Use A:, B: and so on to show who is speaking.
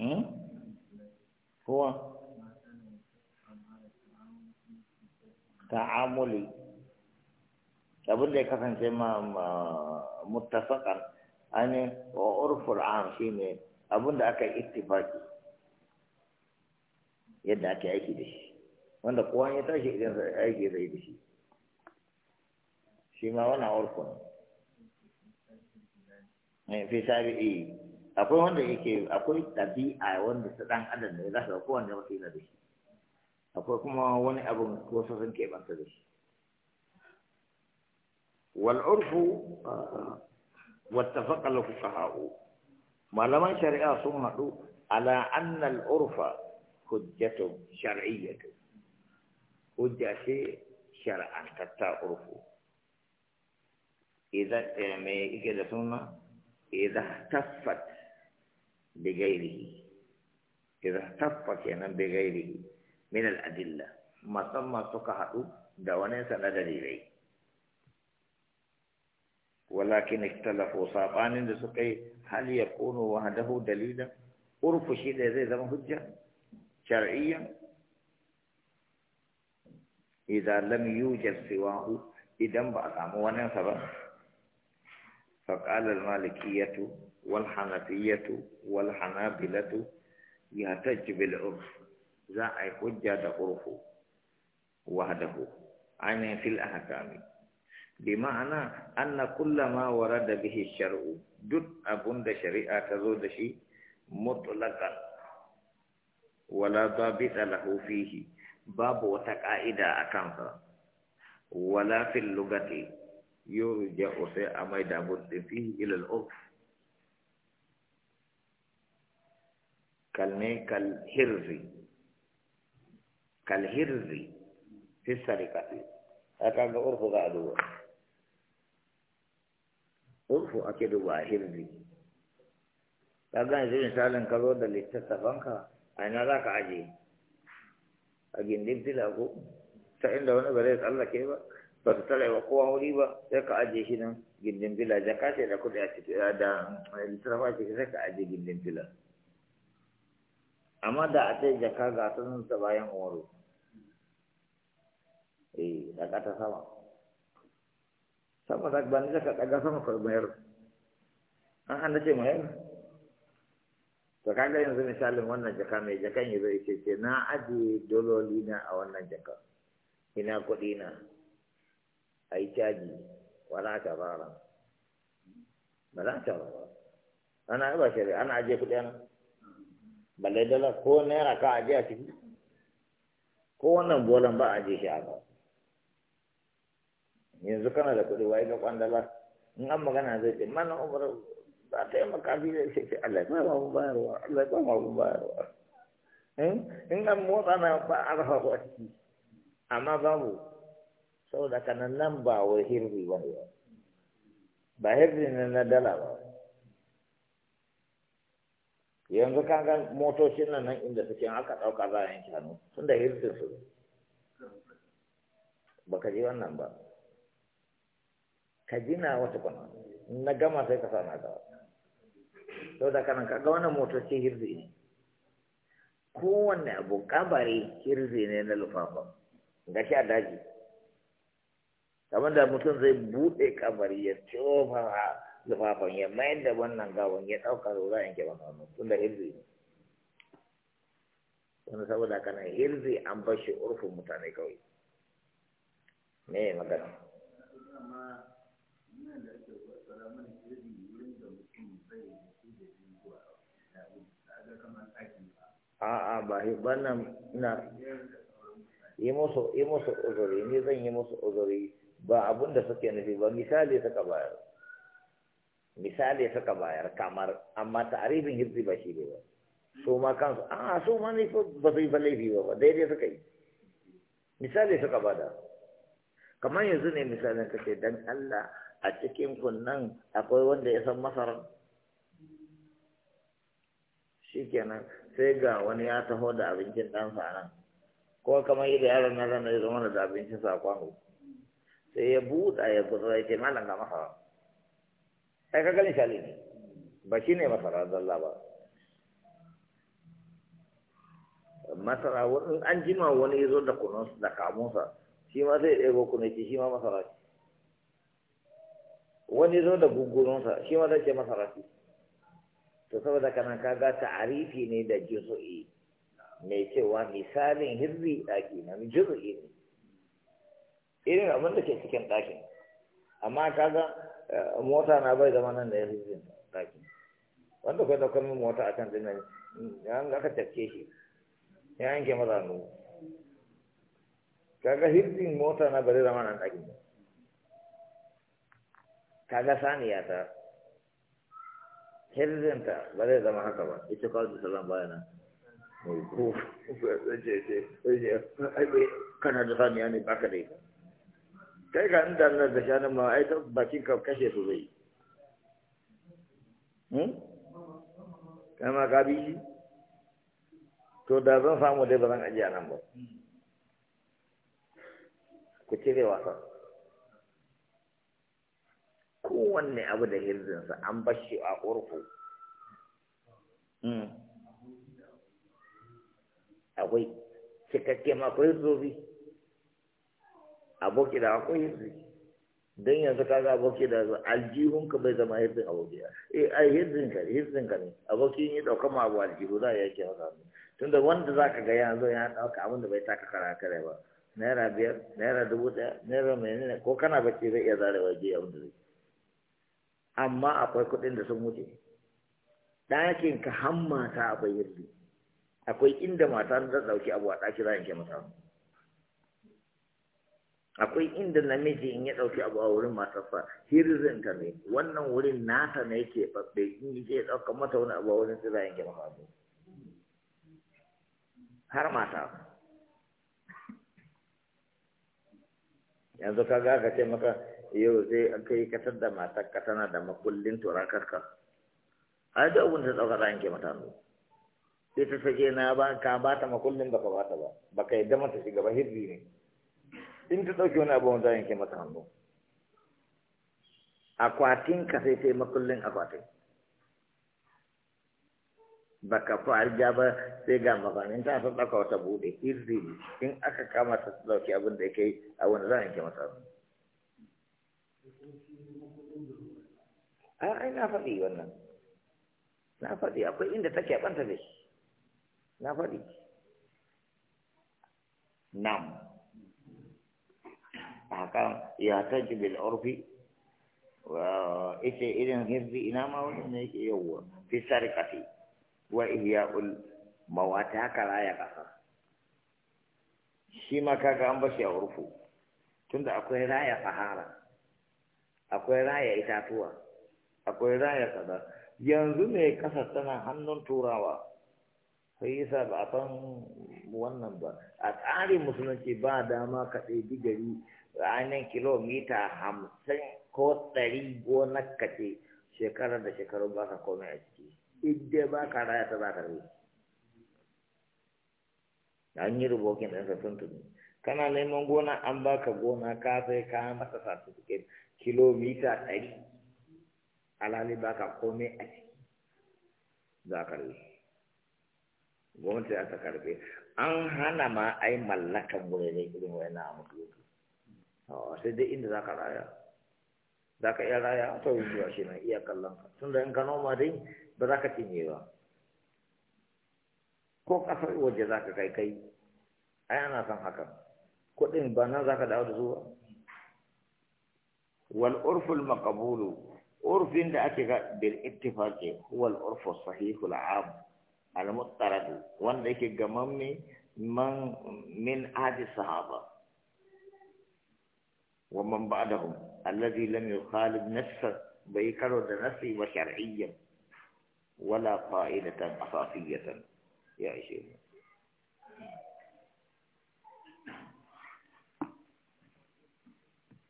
A: Hmm? kowa ta'amuli abin da ya kasance ma muttafakan ainihin wa urful am shi ne abin da aka yi ittifaki yadda ake aiki da shi wanda kowa ya tashi idan aiki zai da shi shi ma wani urful mai fi sabi'i akwai wanda yake akwai ɗabi'a wanda ta ɗan adam ne za ka ko wanda wata yana da shi akwai kuma wani abin wasu sun keɓanta da shi wal'urfu wattafaqa al-fuqaha'u malaman shari'a sun haɗu ala anna al-urfa hujjatu shar'iyyatu hujja ce shar'an tatta urfu idan me yake da suna إذا احتفت بغيره إذا احتفت يعني بغيره من الأدلة ما ثم دوانا دوانيسا لدليلي ولكن اختلفوا صابان لسقي هل يكون وحده دليلا أرف شيء زي زي حجة شرعيا إذا لم يوجد سواه إذا بقى وانا سبب فقال المالكية والحنفية والحنابلة يهتج بالعرف ذا حجة غرفه وحده عين في الأحكام بمعنى أن كل ما ورد به الشرع جد أبند شريعة تزود شيء مطلقا ولا ضابط له فيه باب وتقائد أكامها ولا في اللغة yurja sai a mai da mutum fi ilal urf kalme kalhirri kalhirri fi sarikati haka ga urfu za a duba urfu ake duba hirri ka ga yanzu misalin ka zo da littattafanka a ina za ka aje a gindin tila ko ta inda wani ba zai tsallake ba ba su tare wa kowa wuri ba sai ka ajiye shi nan gindin fila jaka ce da kuɗi a cikin da eh, littafa ce sai ka ajiye gindin fila amma da a ce jaka ga nan ta bayan umaru eh da ka ta sama sama da ban da ka daga sama ka mayar an an da ce mayar to kaga yanzu misalin wannan jaka mai jakan yi zai ce ce na ajiye dololi na a wannan jaka ina kuɗi na a yi wala ta Bala ba ana ba shari'a ana ajiye kuɗi ana balle dala ko naira ka ajiye a ciki ko wannan bolan ba a ajiye shi a yanzu kana da kuɗi wai ga kwandala in an magana zai ce mana umar ba ta yi makafi da shi ce Allah ba ma mun bayarwa Allah ba ma mun bayarwa eh? in an motsa na ba a rafa ko a ciki amma babu saboda da nan nan ba wai hirzi ba ne ba hirzi ne na dala ba yanzu ka ga motocin nan nan inda suke aka ɗauka za a yanke hannu tun da hirzin su ba ka ji wannan ba ka ji na wata kwana na gama sai ka sa na gaba saboda kanan ka ga wannan motocin hirzi ne kowanne abu kabari hirzi ne na lufafa ga shi a daji kamar da mutum zai buɗe kamar ya cofa zufafan ya mayar da wannan gawon ya ɗauka zo in a yanke wani tun da hirzi ne wani saboda kana hirzi an bar shi urfin mutane kawai me magana a'a ba wannan na yi yi musu uzuri ni zan yi musu uzuri ba abun da suke nufi ba misali suka bayar misali suka bayar kamar amma ta'arifin hirzi ba shi ne ba su ma kansu a ah, su ma ne ba su yi laifi ba ba daidai suka yi misali suka da. kamar yanzu ne misalin ka ce dan Allah a cikin kunnan akwai wanda ya san masarar shikenan sai ga wani ya taho da abincin ɗansa nan ko kamar yadda yaron na zana ya zama da abincin sa kwano sai ya buɗa ya gutsa ya ce malam ga masara ai ka gani shali ne ba shi ne masara zalla ba masara in an jima wani ya zo da kunun da kamunsa shi ma zai ɗebo kunu ce shi ma masara ce wani zo da gungununsa shi ma zai ce masara ce to saboda kana kaga ta'arifi ne da juzu'i mai cewa misalin hirzi ɗaki na juzu'i ne irin abin da ke cikin ɗakin amma kaga eh, mota na bai zama nan da ya fi ɗakin wanda kai ɗaukar min mota a kan ya yan aka tafke shi ya ke maza kaga hirdin mota na bari zama nan ɗakin kaga saniya ta hirdinta ba bari zama haka ba ita kawai da salon bayana mai ko ce ce ce kana da saniya ne baka da ita kai ka inda na da shanin ma ai bakin ka kashe su zai hmm kama ka bi shi to da zan samu dai ba zan ajiya nan ba ku cire wasan kowanne abu da hirzinsa an bashi a urku hmm. akwai cikakke ma akwai zobi aboki da akwai hizbi don yanzu ka ga aboki da aljihun ka bai zama hirzin aboki eh ai hirzin ka hirzin ka ne aboki ya dauka ma abu aljihu za ya yake haka tunda wanda zaka ga yanzu ya dauka abin da bai taka kara kare ba naira biyar naira dubu daya naira menene ko kana bacci zai iya zare waje ya wanda zai amma akwai kuɗin da sun wuce ɗakin ka hammata a hizbi akwai inda mata da ɗauki abu a ɗaki za a yanke mata akwai inda namiji in ya ɗauki abu a wurin matarsa hirzin ta ne wannan wurin nasa ne yake babbe in yi ke ɗaukar mata wani abu a wurin su zayen yanke masa abu har mata yanzu ka ga ka ce maka yau zai an kai katar da matar ka tana da makullin karka a yadda abin da ɗauka za yanke mata ne sai ta sake na ba ka ba ta makullin ba ka ba ta ba ba ka yadda mata shiga ba hirzi ne in ta ɗauki wani abu wanda yanke mata hannu akwatin ka sai sai makullin akwatin ka farja ba sai ga maganin ta sun ɗauka wata buɗe izini in aka kama ta su ɗauki abin da yake a wani za a yanke mata hannu ai na faɗi wannan na faɗi akwai inda take ɓanta da shi na faɗi nam ahkam ya taji bil urfi wa ita irin hirzi ina ma wani ne yake yawwa fi sarikati wa ihya'ul mawata haka ya kasa shi ma kaga an bashi a urfu tunda akwai raya sahara akwai raya itatuwa akwai raya kaza yanzu ne kasa tana hannun turawa sai yasa ba a san wannan ba a tsarin musulunci ba dama ka ɗaiɗi digari ranar kilomita hamsin ko tsari gonar kace shekarar da shekarun ba ka komai a ciki idai ba ka raya ta za ka rai an yi rubokin ɗansa sun tuni kana neman gona an ba ka gona ka sai ka masa certificate kilomita ɗari alhali ba ka komai a ciki za ka rai gwamnati za ta karfe an hana ma ai mallakan wurare irin wani na mutu Oh, sai dai inda za ka raya za ka iya raya a tauyin zuwa shi nan iya kallon ka tun da in ka noma dai ba za ka cinye ba ko kasar waje za ka kai kai ai ana san hakan Kudin ba nan za ka dawo da zuwa wal urful maqbulu urfin da ake ga bil ittifaqi huwa al urfu sahihu al am al muttarad wanda yake gamamme man min ahadi sahaba ومن بعدهم الذي لم يخالف نفسه بيكر نفسي وشرعيا ولا قائلة أساسية يا شيخ